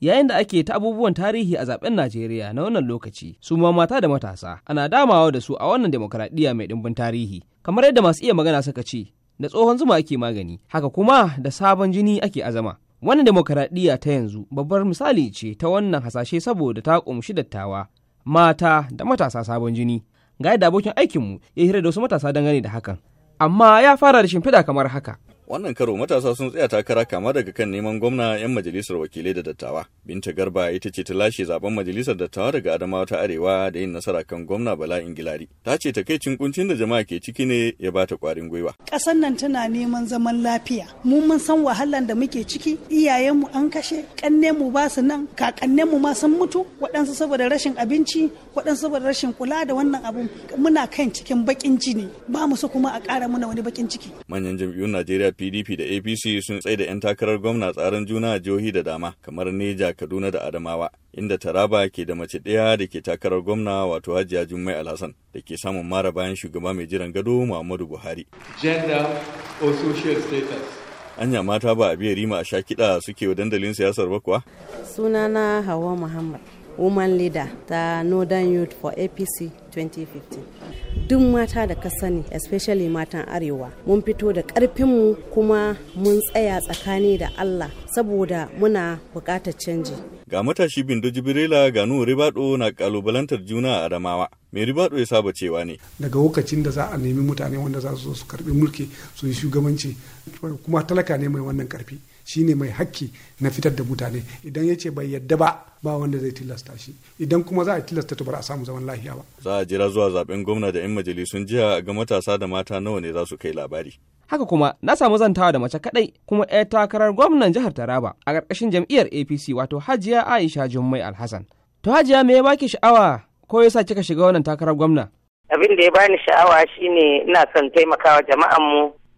yayin da ake ta abubuwan tarihi a zaben Najeriya na wannan lokaci su ma mata da matasa ana damawa da su a wannan demokradiyya mai dimbin tarihi kamar yadda masu iya magana suka ce da tsohon zuma ake magani haka kuma da sabon jini ake azama wannan demokradiyya ta yanzu babbar misali ce ta wannan hasashe saboda ta kumshi dattawa mata da matasa sabon jini ga yadda abokin aikinmu ya hira da wasu matasa dangane da hakan amma ya fara da shimfiɗa kamar haka Wannan karo matasa sun tsaya takara kama daga kan neman gwamna 'yan majalisar wakilai da dattawa. Binta Garba ita ce ta lashe zaben majalisar dattawa daga Adamawa ta Arewa da yin nasara kan gwamna Bala Ingilari. Ta ce ta kai kuncin da jama'a ke ciki ne ya bata kwarin gwiwa. Ƙasar nan tana neman zaman lafiya. Mu mun san wahalan da muke ciki, iyayenmu an kashe, kannenmu ba su nan, kakannenmu ma sun mutu, waɗansu saboda rashin abinci, waɗansu saboda rashin kula da wannan abun. Muna kan cikin baƙin jini, ba mu so kuma a ƙara muna wani baƙin ciki. Manyan jam'iyyun Najeriya PDP da APC sun tsaye da 'yan takarar gwamna tsarin juna a jihohi da dama kamar Neja, Kaduna da Adamawa, inda Taraba ke da mace ɗaya da ke takarar gwamna wato Hajiya Jummai Alhassan da ke samun mara bayan shugaba mai jiran gado Muhammadu Buhari. Gender or social status anya mata ba a biya rima a sha kiɗa suke wa dandalin siyasar ba kuwa? Sunana Hawa Muhammad. woman leader ta northern youth for apc 2015 duk mata da ka sani especially matan arewa mun fito da karfinmu kuma mun tsaya tsakani da allah saboda muna bukatar canji ga matashi bindo jibirila ga nuhu ribado na kalubalantar juna a adamawa mai ribado ya saba cewa ne daga lokacin da za a nemi mutane wanda za su karbi mulki su yi shugabanci kuma talaka ne mai wannan karfi shine mai hakki na fitar da mutane idan ya ce bai yadda ba ba wanda zai tilasta shi idan kuma za a tilasta to bar a samu zaman lafiya ba za a jira zuwa zaben gwamna da yan majalisun jiya ga matasa da mata nawa ne za su kai labari haka kuma na samu zantawa da mace kaɗai kuma ɗaya takarar gwamnan jihar taraba a ƙarƙashin jam'iyyar apc wato hajiya aisha jummai alhassan to hajiya me ya baki sha'awa ko yasa kika shiga wannan takarar gwamna abin da ya bani sha'awa shine ina son taimakawa jama'an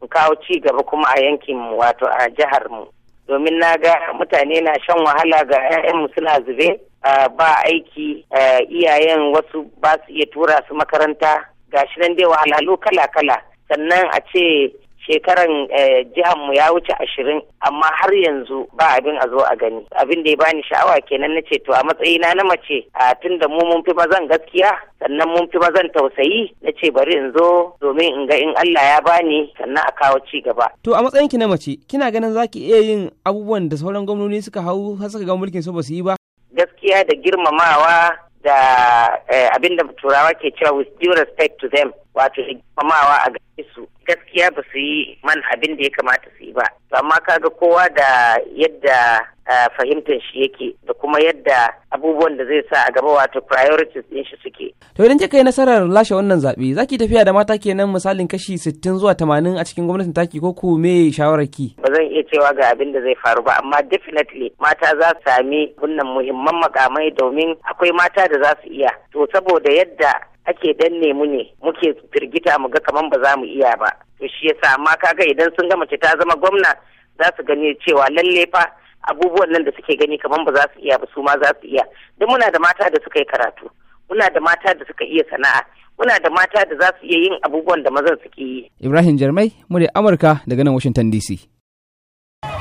mu kawo ci gaba kuma a yankin mu wato a jihar mu domin na ga mutane na shan wahala ga 'ya'yanmu suna zube ba aiki iyayen wasu ba su iya tura su makaranta gashi nan dai wahalhalu kala-kala sannan a ce shekaran eh, jihar mu ya wuce ashirin amma har yanzu ba abin a zo a gani abin da ya bani sha'awa kenan nace to a matsayi na na mace a tun da mu mun fi mazan gaskiya sannan mun fi mazan tausayi nace bari in zo domin in ga in Allah ya bani sannan a kawo ci gaba. To a matsayin ki na mace kina ganin zaki iya yin abubuwan da sauran gwamnoni suka hau har suka ga mulkin su ba su yi ba? Gaskiya da girmamawa da eh, abinda da turawa ke cewa with due respect to them wato girmamawa a gare su gaskiya ba su yi man abin da ya kamata su yi ba amma kaga kowa da yadda eh, fahimtar shi yake da kuma yadda abubuwan da zai sa a gaba wato priorities din shi suke to idan kika yi nasarar lashe wannan zaɓe zaki tafiya da mata kenan misalin kashi sittin zuwa tamanin a cikin gwamnatin taki ko ku me shawarar ki ba zan iya cewa ga abin da zai faru ba amma definitely mata za su sami wannan muhimman makamai domin akwai mata da za su iya to saboda yadda ake danne mu ne muke firgita mu ga kaman ba za mu iya ba to shi yasa amma kaga idan sun ga mace ta zama gwamna za su gani cewa lalle fa abubuwan nan da suke gani kaman ba za su iya ba su ma za su iya don muna da mata da suka yi karatu muna da mata da suka iya sana'a muna da mata da za su iya yin abubuwan da mazan suke yi ibrahim jarmai mu da amurka daga nan washington dc